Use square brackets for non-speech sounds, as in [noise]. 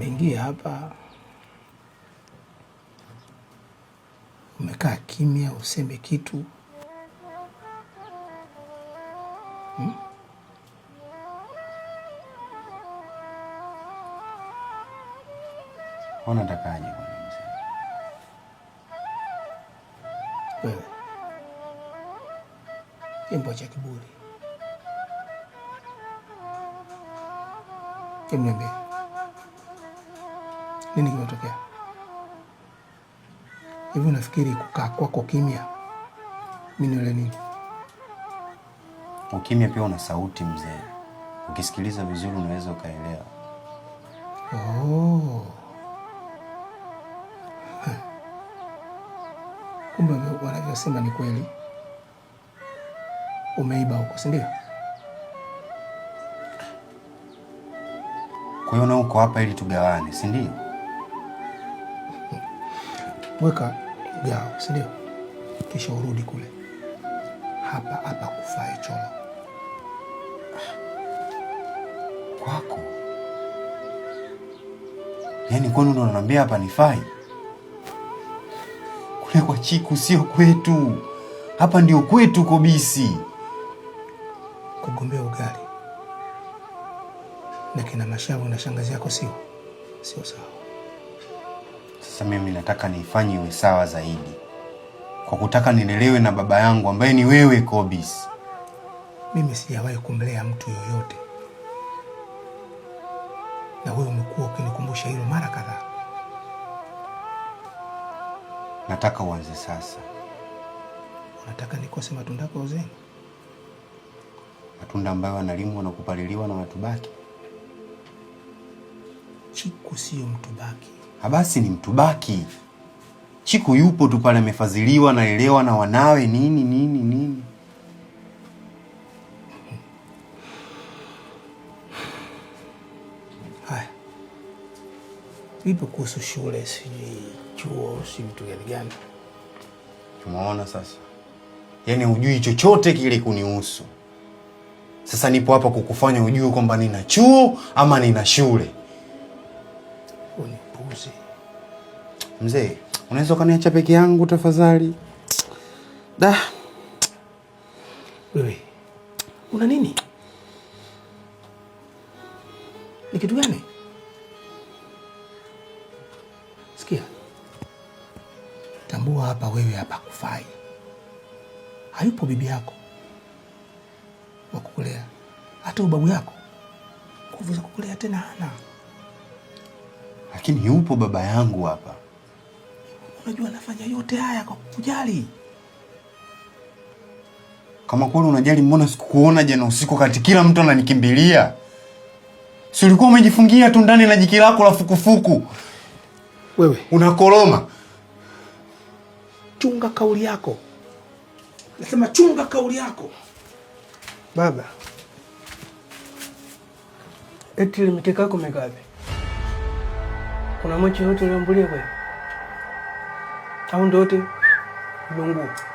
Umeingia hapa umekaa kimya, useme kitu hmm? Unatakaje wewe? Kimbo cha kiburi kimnembea nini kimetokea? Hivi unafikiri kukaa kwako kimya mi niole nini? Ukimya pia una sauti mzee, ukisikiliza vizuri unaweza ukaelewa. Oh. [laughs] Kumbe wanavyosema ni kweli, umeiba huko, si ndio? Kwa hiyo na uko hapa ili tugawane, si ndio? weka mgao, si ndio? Kisha urudi kule, hapa hapa kufai cholo kwako. Yaani kwani ndo unaniambia hapa nifai? Kule kwa Chiku sio kwetu, hapa ndio kwetu kobisi. Kugombea ugali na kina mashavu na shangazi yako sio sio sawa. Sasa mimi nataka niifanye iwe sawa zaidi kwa kutaka nilelewe na baba yangu ambaye ni wewe kobis Mimi sijawahi kumlea mtu yoyote, na wewe umekuwa ukinikumbusha hilo mara kadhaa. Nataka uanze sasa. Unataka nikose matunda yako uzeni? Matunda ambayo analimwa na kupaliliwa na watu baki. Chiku sio mtu baki habasi ni mtubaki. Chiku yupo tu pale, amefadhiliwa naelewa na wanawe nini nini nini. Haya, vipo kuhusu shule, sijui chuo, si mtu gani gani? Tumeona sasa, yaani hujui chochote kile kunihusu. Sasa nipo hapa kukufanya ujue kwamba nina chuo ama nina shule. Mzee, unaweza ukaniacha peke yangu tafadhali? Da. Wewe una nini? Ni kitu gani? Sikia, tambua hapa, wewe hapa kufai, hayupo bibi yako wa kukulea, hata babu yako kuvuza kukulea tena hana, lakini yupo baba yangu hapa unajua anafanya yote haya kwa kujali. Kama kweli unajali, mbona sikukuona jana usiku kati kila mtu ananikimbilia? Si ulikuwa umejifungia tu ndani na jiki lako la fukufuku, wewe unakoroma. Chunga kauli yako, nasema chunga kauli yako baba. Eti mikeka yako Kuna mwache yote uliambulia kweli? Au ndo wote